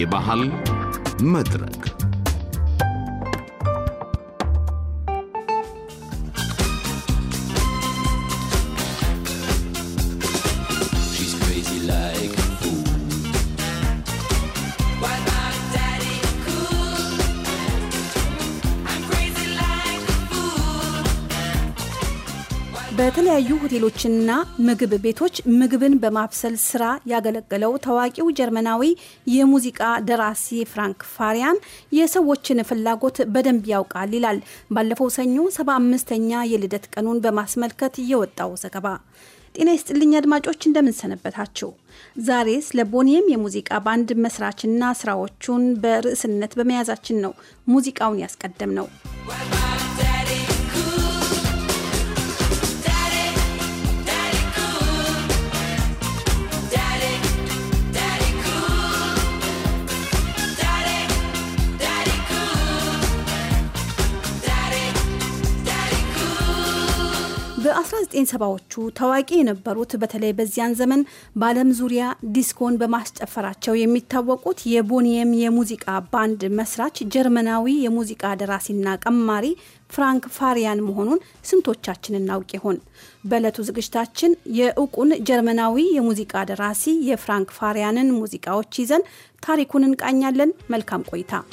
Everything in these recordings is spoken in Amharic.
የባህል መድረክ በተለያዩ ሆቴሎችና ምግብ ቤቶች ምግብን በማብሰል ስራ ያገለገለው ታዋቂው ጀርመናዊ የሙዚቃ ደራሲ ፍራንክ ፋሪያን የሰዎችን ፍላጎት በደንብ ያውቃል ይላል ባለፈው ሰኞ ሰባ አምስተኛ የልደት ቀኑን በማስመልከት የወጣው ዘገባ። ጤና ይስጥልኝ አድማጮች፣ እንደምንሰነበታችሁ። ዛሬ ስለ ቦኒየም የሙዚቃ ባንድ መስራችና ስራዎቹን በርዕስነት በመያዛችን ነው ሙዚቃውን ያስቀደም ነው። በ1970ዎቹ ታዋቂ የነበሩት በተለይ በዚያን ዘመን በዓለም ዙሪያ ዲስኮን በማስጨፈራቸው የሚታወቁት የቦኒየም የሙዚቃ ባንድ መስራች ጀርመናዊ የሙዚቃ ደራሲና ቀማሪ ፍራንክ ፋሪያን መሆኑን ስንቶቻችን እናውቅ ይሆን? በዕለቱ ዝግጅታችን የእውቁን ጀርመናዊ የሙዚቃ ደራሲ የፍራንክ ፋሪያንን ሙዚቃዎች ይዘን ታሪኩን እንቃኛለን። መልካም ቆይታ።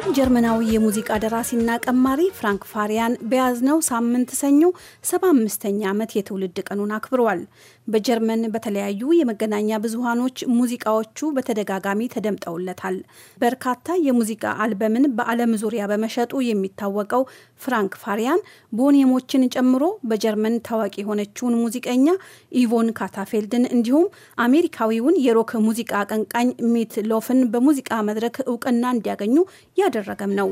እንዲሁም ጀርመናዊ የሙዚቃ ደራሲና ቀማሪ ፍራንክ ፋሪያን በያዝነው ሳምንት ሰኞ ሰባ ዓመት የትውልድ ቀኑን አክብረዋል። በጀርመን በተለያዩ የመገናኛ ብዙሃኖች ሙዚቃዎቹ በተደጋጋሚ ተደምጠውለታል። በርካታ የሙዚቃ አልበምን በዓለም ዙሪያ በመሸጡ የሚታወቀው ፍራንክ ፋሪያን ቦኔሞችን ጨምሮ በጀርመን ታዋቂ የሆነችውን ሙዚቀኛ ኢቮን ካታፌልድን እንዲሁም አሜሪካዊውን የሮክ ሙዚቃ አቀንቃኝ ሚት ሎፍን በሙዚቃ መድረክ እውቅና እንዲያገኙ ያደረገም ነው።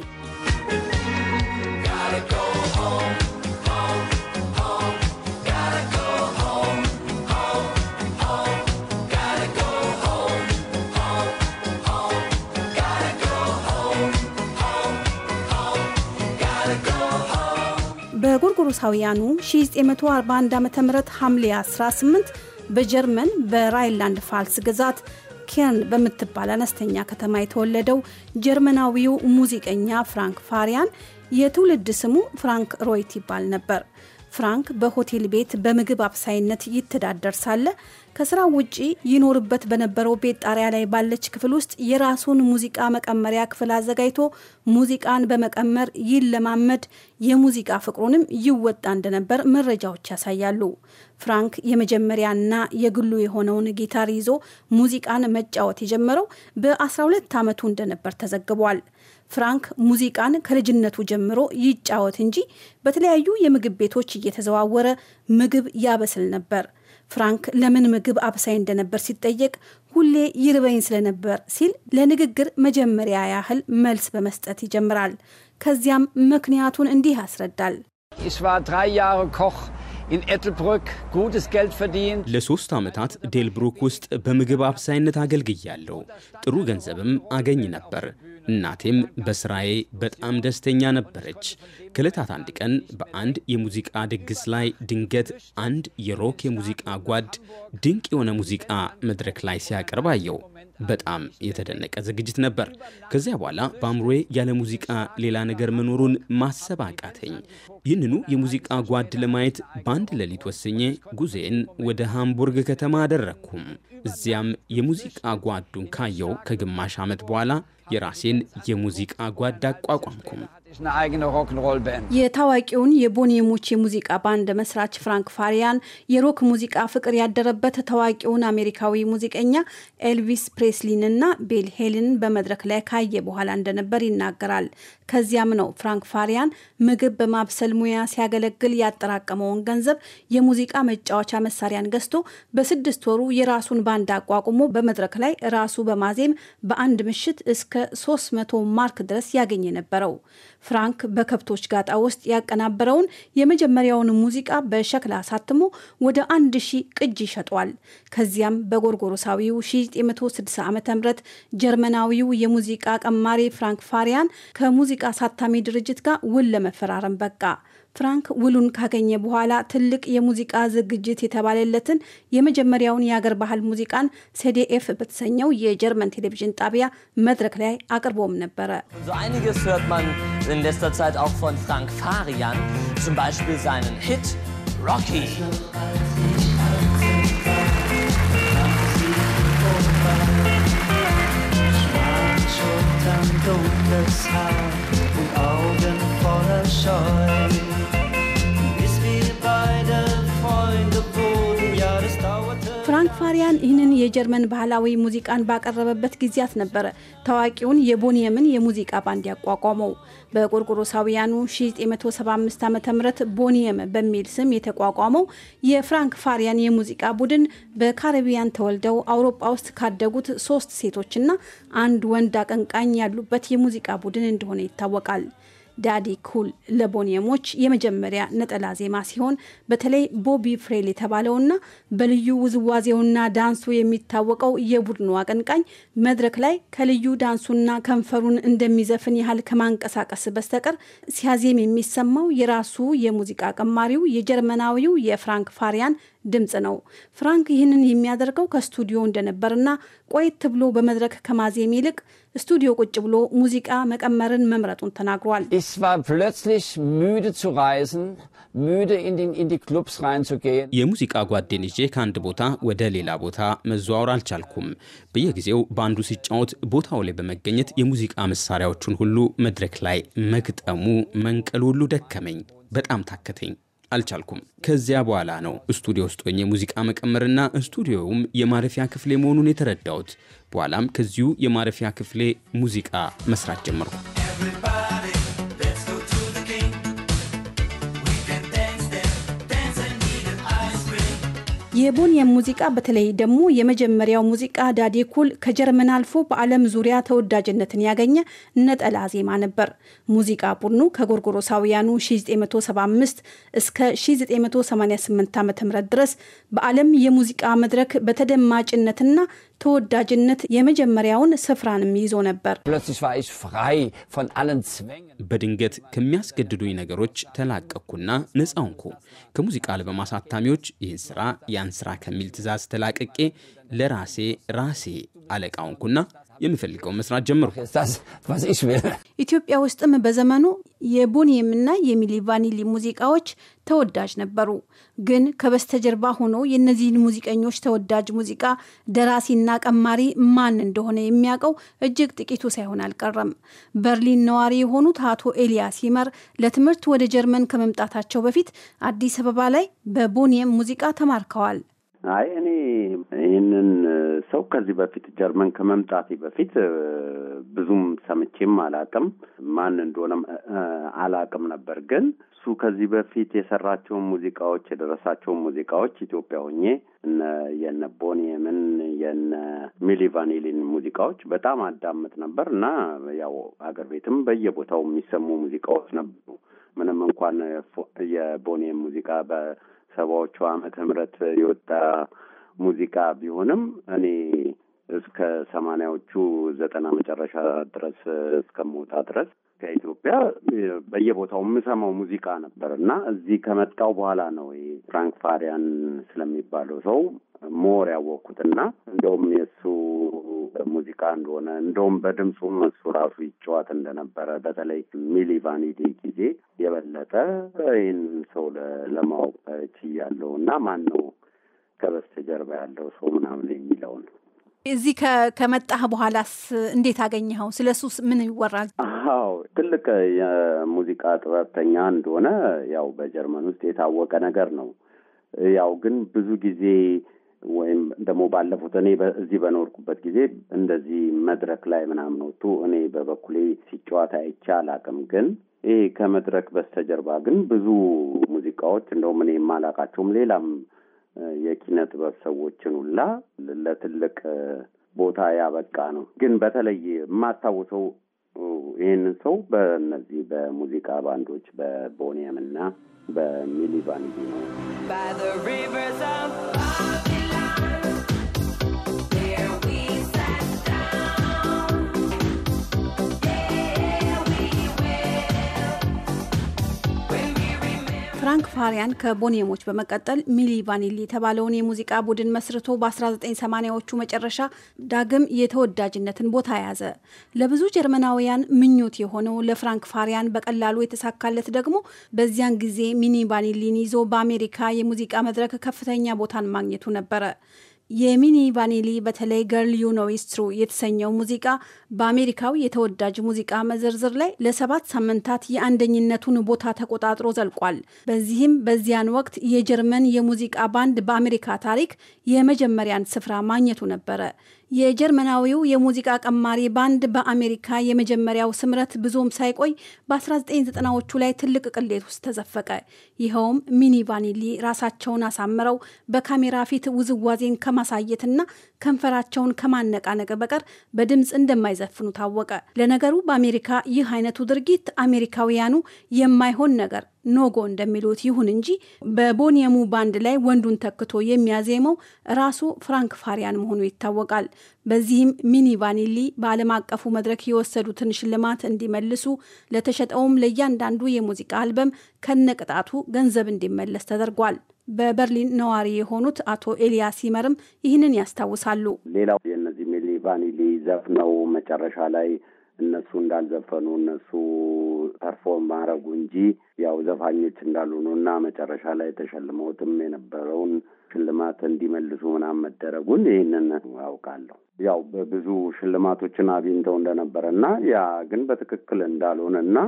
ጎርጎሮሳውያኑ 1941 ዓ ም ሐምሌ 18 በጀርመን በራይንላንድ ፋልስ ግዛት ኬርን በምትባል አነስተኛ ከተማ የተወለደው ጀርመናዊው ሙዚቀኛ ፍራንክ ፋሪያን የትውልድ ስሙ ፍራንክ ሮይት ይባል ነበር። ፍራንክ በሆቴል ቤት በምግብ አብሳይነት ይተዳደር ሳለ ከስራ ውጪ ይኖርበት በነበረው ቤት ጣሪያ ላይ ባለች ክፍል ውስጥ የራሱን ሙዚቃ መቀመሪያ ክፍል አዘጋጅቶ ሙዚቃን በመቀመር ይለማመድ፣ የሙዚቃ ፍቅሩንም ይወጣ እንደነበር መረጃዎች ያሳያሉ። ፍራንክ የመጀመሪያና የግሉ የሆነውን ጊታር ይዞ ሙዚቃን መጫወት የጀመረው በ12 ዓመቱ እንደነበር ተዘግቧል። ፍራንክ ሙዚቃን ከልጅነቱ ጀምሮ ይጫወት እንጂ በተለያዩ የምግብ ቤቶች እየተዘዋወረ ምግብ ያበስል ነበር። ፍራንክ ለምን ምግብ አብሳይ እንደነበር ሲጠየቅ ሁሌ ይርበኝ ስለነበር ሲል ለንግግር መጀመሪያ ያህል መልስ በመስጠት ይጀምራል። ከዚያም ምክንያቱን እንዲህ ያስረዳል። ለሶስት ዓመታት ዴልብሩክ ውስጥ በምግብ አብሳይነት አገልግያለሁ። ጥሩ ገንዘብም አገኝ ነበር። እናቴም በስራዬ በጣም ደስተኛ ነበረች። ከእለታት አንድ ቀን በአንድ የሙዚቃ ድግስ ላይ ድንገት አንድ የሮክ የሙዚቃ ጓድ ድንቅ የሆነ ሙዚቃ መድረክ ላይ ሲያቀርብ አየው። በጣም የተደነቀ ዝግጅት ነበር። ከዚያ በኋላ በአእምሮዬ ያለ ሙዚቃ ሌላ ነገር መኖሩን ማሰብ አቃተኝ። ይህንኑ የሙዚቃ ጓድ ለማየት በአንድ ሌሊት ወስኜ ጉዜን ወደ ሃምቡርግ ከተማ አደረግኩም። እዚያም የሙዚቃ ጓዱን ካየው ከግማሽ ዓመት በኋላ የራሴን የሙዚቃ ጓዳ አቋቋምኩም። የታዋቂውን የቦኔሞች የሙዚቃ ባንድ መስራች ፍራንክ ፋሪያን የሮክ ሙዚቃ ፍቅር ያደረበት ታዋቂውን አሜሪካዊ ሙዚቀኛ ኤልቪስ ፕሬስሊንና ቤል ሄልን በመድረክ ላይ ካየ በኋላ እንደነበር ይናገራል። ከዚያም ነው ፍራንክ ፋሪያን ምግብ በማብሰል ሙያ ሲያገለግል ያጠራቀመውን ገንዘብ የሙዚቃ መጫወቻ መሳሪያን ገዝቶ በስድስት ወሩ የራሱን ባንድ አቋቁሞ በመድረክ ላይ ራሱ በማዜም በአንድ ምሽት እስከ 300 ማርክ ድረስ ያገኝ የነበረው። ፍራንክ በከብቶች ጋጣ ውስጥ ያቀናበረውን የመጀመሪያውን ሙዚቃ በሸክላ አሳትሞ ወደ አንድ ሺህ ቅጂ ይሸጧል። ከዚያም በጎርጎሮሳዊው 1960 ዓ ም ጀርመናዊው የሙዚቃ ቀማሪ ፍራንክ ፋሪያን ከሙዚቃ አሳታሚ ድርጅት ጋር ውል ለመፈራረም በቃ። ፍራንክ ውሉን ካገኘ በኋላ ትልቅ የሙዚቃ ዝግጅት የተባለለትን የመጀመሪያውን የአገር ባህል ሙዚቃን ሴዲኤፍ በተሰኘው የጀርመን ቴሌቪዥን ጣቢያ መድረክ ላይ አቅርቦም ነበረ። ፍራንክ ፋሪያን ራያን ይህንን የጀርመን ባህላዊ ሙዚቃን ባቀረበበት ጊዜያት ነበረ ታዋቂውን የቦኒየምን የሙዚቃ ባንድ ያቋቋመው። በቆርቆሮሳውያኑ 1975 ዓ ም ቦኒየም በሚል ስም የተቋቋመው የፍራንክ ፋሪያን የሙዚቃ ቡድን በካሪቢያን ተወልደው አውሮፓ ውስጥ ካደጉት ሶስት ሴቶችና አንድ ወንድ አቀንቃኝ ያሉበት የሙዚቃ ቡድን እንደሆነ ይታወቃል። ዳዲ ኩል ለቦኒየሞች የመጀመሪያ ነጠላ ዜማ ሲሆን በተለይ ቦቢ ፍሬል የተባለውና በልዩ ውዝዋዜውና ዳንሱ የሚታወቀው የቡድኑ አቀንቃኝ መድረክ ላይ ከልዩ ዳንሱና ከንፈሩን እንደሚዘፍን ያህል ከማንቀሳቀስ በስተቀር ሲያዜም የሚሰማው የራሱ የሙዚቃ ቀማሪው የጀርመናዊው የፍራንክ ፋሪያን ድምፅ ነው። ፍራንክ ይህንን የሚያደርገው ከስቱዲዮ እንደነበርና ቆየት ብሎ በመድረክ ከማዜም ይልቅ ስቱዲዮ ቁጭ ብሎ ሙዚቃ መቀመርን መምረጡን ተናግሯል። የሙዚቃ ጓዴን ይዤ ከአንድ ቦታ ወደ ሌላ ቦታ መዘዋወር አልቻልኩም። በየጊዜው በአንዱ ሲጫወት ቦታው ላይ በመገኘት የሙዚቃ መሳሪያዎቹን ሁሉ መድረክ ላይ መግጠሙ መንቀሉ ሁሉ ደከመኝ፣ በጣም ታከተኝ። አልቻልኩም። ከዚያ በኋላ ነው ስቱዲዮ ውስጥ ሆኜ ሙዚቃ መቀመርና ስቱዲዮውም የማረፊያ ክፍሌ መሆኑን የተረዳሁት። በኋላም ከዚሁ የማረፊያ ክፍሌ ሙዚቃ መስራት ጀመርኩ። የቦኒየም ሙዚቃ በተለይ ደግሞ የመጀመሪያው ሙዚቃ ዳዴ ኩል ከጀርመን አልፎ በዓለም ዙሪያ ተወዳጅነትን ያገኘ ነጠላ ዜማ ነበር። ሙዚቃ ቡድኑ ከጎርጎሮሳውያኑ ሺ975 እስከ 988 ዓ ም ድረስ በዓለም የሙዚቃ መድረክ በተደማጭነትና ተወዳጅነት የመጀመሪያውን ስፍራንም ይዞ ነበር። በድንገት ከሚያስገድዱኝ ነገሮች ተላቀቅኩና ነፃ ሆንኩ። ከሙዚቃ አልበም አሳታሚዎች ይህን ስራ ያን ስራ ከሚል ትዕዛዝ ተላቅቄ ለራሴ ራሴ አለቃ ሆንኩና የምፈልገው መስራት ጀምሩ። ኢትዮጵያ ውስጥም በዘመኑ የቦኒየምና የሚሊ ቫኒሊ ሙዚቃዎች ተወዳጅ ነበሩ። ግን ከበስተጀርባ ሆኖ የእነዚህን ሙዚቀኞች ተወዳጅ ሙዚቃ ደራሲና ቀማሪ ማን እንደሆነ የሚያውቀው እጅግ ጥቂቱ ሳይሆን አልቀረም። በርሊን ነዋሪ የሆኑት አቶ ኤልያስ ይመር ለትምህርት ወደ ጀርመን ከመምጣታቸው በፊት አዲስ አበባ ላይ በቦኒየም ሙዚቃ ተማርከዋል። አይ እኔ ይህንን ሰው ከዚህ በፊት ጀርመን ከመምጣቴ በፊት ብዙም ሰምቼም አላቅም፣ ማን እንደሆነም አላቅም ነበር። ግን እሱ ከዚህ በፊት የሰራቸውን ሙዚቃዎች የደረሳቸውን ሙዚቃዎች ኢትዮጵያ ሆኜ የነ ቦኒየምን የነ ሚሊ ቫኒሊን ሙዚቃዎች በጣም አዳምጥ ነበር እና ያው አገር ቤትም በየቦታው የሚሰሙ ሙዚቃዎች ነበሩ ምንም እንኳን የቦኒየም ሙዚቃ ሰባዎቹ ዓመተ ምህረት የወጣ ሙዚቃ ቢሆንም እኔ እስከ ሰማንያዎቹ ዘጠና መጨረሻ ድረስ እስከምወጣ ድረስ ከኢትዮጵያ በየቦታው የምሰማው ሙዚቃ ነበር እና እዚህ ከመጣው በኋላ ነው ፍራንክ ፋሪያን ስለሚባለው ሰው ሞር ያወቅኩት እና እንደውም የእሱ ሙዚቃ እንደሆነ እንደውም በድምፁም እሱ ራሱ ይጫወት እንደነበረ በተለይ ሚሊ ጊዜ የበለጠ ይህን ሰው ለማወቅ ችያለሁ እና ማን ነው ከበስተጀርባ ያለው ሰው ምናምን የሚለውን እዚህ ከመጣህ በኋላስ እንዴት አገኘኸው? ስለ ሱስ ምን ይወራል? አዎ ትልቅ የሙዚቃ ጥበብተኛ እንደሆነ ያው በጀርመን ውስጥ የታወቀ ነገር ነው። ያው ግን ብዙ ጊዜ ወይም ደግሞ ባለፉት እኔ እዚህ በኖርኩበት ጊዜ እንደዚህ መድረክ ላይ ምናምን እኔ በበኩሌ ሲጫወት አይቼ አላቅም። ግን ይህ ከመድረክ በስተጀርባ ግን ብዙ ሙዚቃዎች እንደውም እኔ የማላቃቸውም ሌላም የኪነ ጥበብ ሰዎችን ሁላ ለትልቅ ቦታ ያበቃ ነው። ግን በተለይ የማስታውሰው ይህንን ሰው በእነዚህ በሙዚቃ ባንዶች በቦኒየም እና በሚሊ ነው። ፍራንክ ፋሪያን ከቦኔሞች በመቀጠል ሚሊ ቫኒሊ የተባለውን የሙዚቃ ቡድን መስርቶ በ1980ዎቹ መጨረሻ ዳግም የተወዳጅነትን ቦታ ያዘ። ለብዙ ጀርመናውያን ምኞት የሆነው ለፍራንክ ፋሪያን በቀላሉ የተሳካለት ደግሞ በዚያን ጊዜ ሚኒ ቫኒሊን ይዞ በአሜሪካ የሙዚቃ መድረክ ከፍተኛ ቦታን ማግኘቱ ነበረ። የሚኒ ቫኒሊ በተለይ ገርል ዩ ኖው ኢትስ ትሩ የተሰኘው ሙዚቃ በአሜሪካው የተወዳጅ ሙዚቃ መዘርዝር ላይ ለሰባት ሳምንታት የአንደኝነቱን ቦታ ተቆጣጥሮ ዘልቋል። በዚህም በዚያን ወቅት የጀርመን የሙዚቃ ባንድ በአሜሪካ ታሪክ የመጀመሪያን ስፍራ ማግኘቱ ነበረ። የጀርመናዊው የሙዚቃ ቀማሪ ባንድ በአሜሪካ የመጀመሪያው ስምረት ብዙም ሳይቆይ በ1990ዎቹ ላይ ትልቅ ቅሌት ውስጥ ተዘፈቀ። ይኸውም ሚኒ ቫኒሊ ራሳቸውን አሳምረው በካሜራ ፊት ውዝዋዜን ከማሳየትና ከንፈራቸውን ከማነቃነቅ በቀር በድምፅ እንደማይዘፍኑ ታወቀ። ለነገሩ በአሜሪካ ይህ አይነቱ ድርጊት አሜሪካውያኑ የማይሆን ነገር ኖጎ እንደሚሉት ይሁን እንጂ በቦኒየሙ ባንድ ላይ ወንዱን ተክቶ የሚያዜመው ራሱ ፍራንክ ፋሪያን መሆኑ ይታወቃል። በዚህም ሚኒ ቫኒሊ በዓለም አቀፉ መድረክ የወሰዱትን ሽልማት እንዲመልሱ ለተሸጠውም ለእያንዳንዱ የሙዚቃ አልበም ከነቅጣቱ ገንዘብ እንዲመለስ ተደርጓል። በበርሊን ነዋሪ የሆኑት አቶ ኤልያስ ይመርም ይህንን ያስታውሳሉ። ሌላው የነዚህ ሚኒ ቫኒሊ ዘፍነው መጨረሻ ላይ እነሱ እንዳልዘፈኑ እነሱ ተርፎ አረጉ እንጂ ያው ዘፋኞች እንዳልሆኑና መጨረሻ ላይ ተሸልመውትም የነበረውን ሽልማት እንዲመልሱ ምናምን መደረጉን ይህንን አውቃለሁ። ያው በብዙ ሽልማቶችን አግኝተው እንደነበረ እና ያ ግን በትክክል እንዳልሆነ እና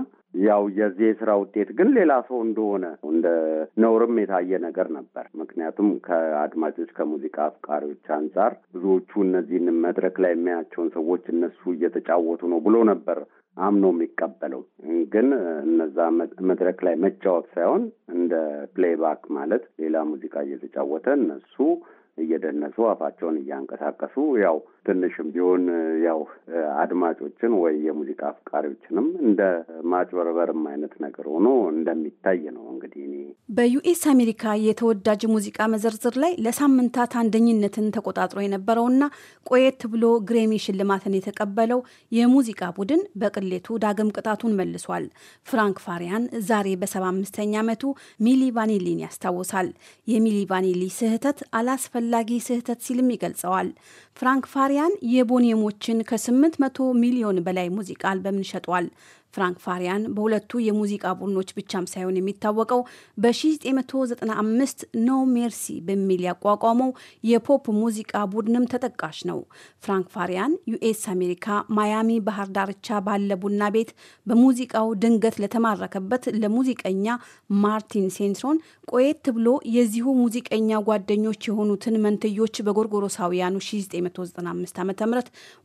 ያው የዚህ የስራ ውጤት ግን ሌላ ሰው እንደሆነ እንደ ነውርም የታየ ነገር ነበር። ምክንያቱም ከአድማጮች ከሙዚቃ አፍቃሪዎች አንጻር ብዙዎቹ እነዚህን መድረክ ላይ የሚያቸውን ሰዎች እነሱ እየተጫወቱ ነው ብሎ ነበር አምኖ የሚቀበለው። ግን እነዛ መድረክ ላይ መጫወት ሳይሆን እንደ ፕሌይባክ ማለት ሌላ ሙዚቃ እየተጫወተ እነሱ እየደነሱ አፋቸውን እያንቀሳቀሱ ያው ትንሽም ቢሆን ያው አድማጮችን ወይ የሙዚቃ አፍቃሪዎችንም እንደ ማጭበርበርም አይነት ነገር ሆኖ እንደሚታይ ነው። እንግዲህ እኔ በዩኤስ አሜሪካ የተወዳጅ ሙዚቃ መዘርዝር ላይ ለሳምንታት አንደኝነትን ተቆጣጥሮ የነበረውና ቆየት ብሎ ግሬሚ ሽልማትን የተቀበለው የሙዚቃ ቡድን በቅሌቱ ዳግም ቅጣቱን መልሷል። ፍራንክ ፋሪያን ዛሬ በሰባ አምስተኛ ዓመቱ ሚሊ ቫኒሊን ያስታውሳል። የሚሊ ቫኒሊ ስህተት አላስፈላጊ ስህተት ሲልም ይገልጸዋል። ፍራንክ ጣሪያን የቦኔሞችን ከ800 ሚሊዮን በላይ ሙዚቃ አልበምን ሸጧል። ፍራንክ ፋሪያን በሁለቱ የሙዚቃ ቡድኖች ብቻም ሳይሆን የሚታወቀው በ1995 ኖ ሜርሲ በሚል ያቋቋመው የፖፕ ሙዚቃ ቡድንም ተጠቃሽ ነው። ፍራንክ ፋሪያን ዩኤስ አሜሪካ ማያሚ ባህር ዳርቻ ባለ ቡና ቤት በሙዚቃው ድንገት ለተማረከበት ለሙዚቀኛ ማርቲን ሴንስሮን ቆየት ብሎ የዚሁ ሙዚቀኛ ጓደኞች የሆኑትን መንትዮች በጎርጎሮሳውያኑ 1995 ዓ ም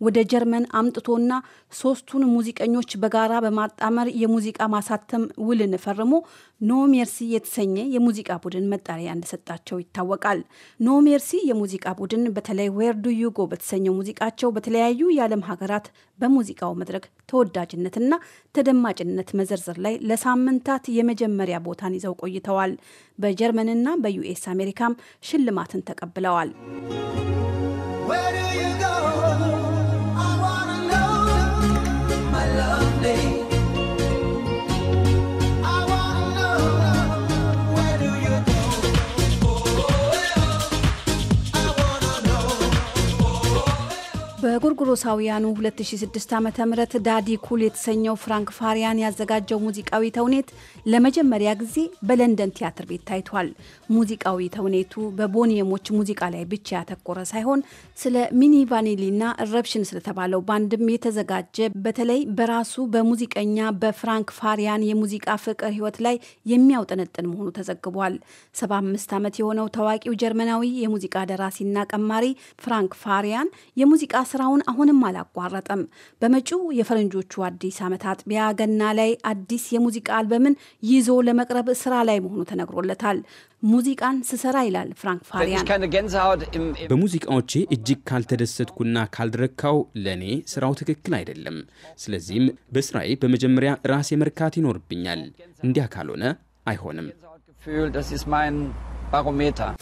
ወደ ጀርመን አምጥቶና ሶስቱን ሙዚቀኞች በጋራ በማጣመር የሙዚቃ ማሳተም ውልን ፈርሞ ኖ ሜርሲ የተሰኘ የሙዚቃ ቡድን መጠሪያ እንደሰጣቸው ይታወቃል። ኖ ሜርሲ የሙዚቃ ቡድን በተለይ ዌር ዱ ዩ ጎ በተሰኘው ሙዚቃቸው በተለያዩ የዓለም ሀገራት በሙዚቃው መድረክ ተወዳጅነትና ተደማጭነት መዘርዘር ላይ ለሳምንታት የመጀመሪያ ቦታን ይዘው ቆይተዋል። በጀርመንና በዩኤስ አሜሪካም ሽልማትን ተቀብለዋል። በጉርጉሮሳውያኑ 2006 ዓ ም ዳዲ ኩል የተሰኘው ፍራንክ ፋሪያን ያዘጋጀው ሙዚቃዊ ተውኔት ለመጀመሪያ ጊዜ በለንደን ቲያትር ቤት ታይቷል። ሙዚቃዊ ተውኔቱ በቦኒየሞች ሙዚቃ ላይ ብቻ ያተኮረ ሳይሆን ስለ ሚኒ ቫኒሊና ረብሽን ስለተባለው ባንድም የተዘጋጀ በተለይ በራሱ በሙዚቀኛ በፍራንክ ፋሪያን የሙዚቃ ፍቅር ሕይወት ላይ የሚያውጠነጥን መሆኑ ተዘግቧል። 75 ዓመት የሆነው ታዋቂው ጀርመናዊ የሙዚቃ ደራሲና ቀማሪ ፍራንክ ፋሪያን የሙዚቃ ስራውን አሁንም አላቋረጠም። በመጪው የፈረንጆቹ አዲስ ዓመት አጥቢያ ገና ላይ አዲስ የሙዚቃ አልበምን ይዞ ለመቅረብ ስራ ላይ መሆኑ ተነግሮለታል። ሙዚቃን ስሰራ ይላል ፍራንክ ፋሪያን፣ በሙዚቃዎቼ እጅግ ካልተደሰትኩና ካልድረካው ለእኔ ስራው ትክክል አይደለም። ስለዚህም በስራዬ በመጀመሪያ ራሴ መርካት ይኖርብኛል። እንዲያ ካልሆነ አይሆንም።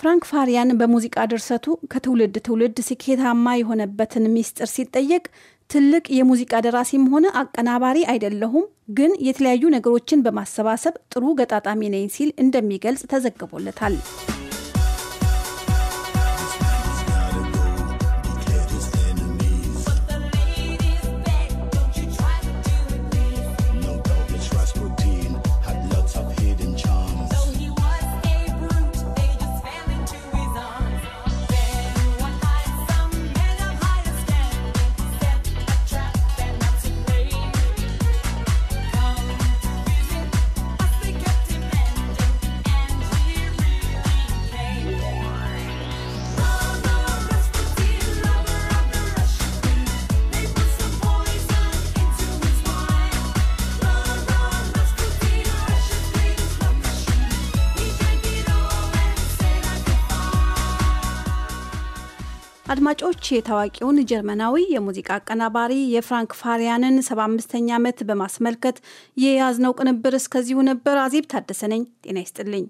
ፍራንክ ፋሪያን በሙዚቃ ድርሰቱ ከትውልድ ትውልድ ስኬታማ የሆነበትን ሚስጥር ሲጠየቅ ትልቅ የሙዚቃ ደራሲም ሆነ አቀናባሪ አይደለሁም፣ ግን የተለያዩ ነገሮችን በማሰባሰብ ጥሩ ገጣጣሚ ነኝ ሲል እንደሚገልጽ ተዘግቦለታል። አድማጮች የታዋቂውን ጀርመናዊ የሙዚቃ አቀናባሪ የፍራንክ ፋሪያንን 75ኛ ዓመት በማስመልከት የያዝነው ቅንብር እስከዚሁ ነበር። አዜብ ታደሰ ነኝ። ጤና ይስጥልኝ።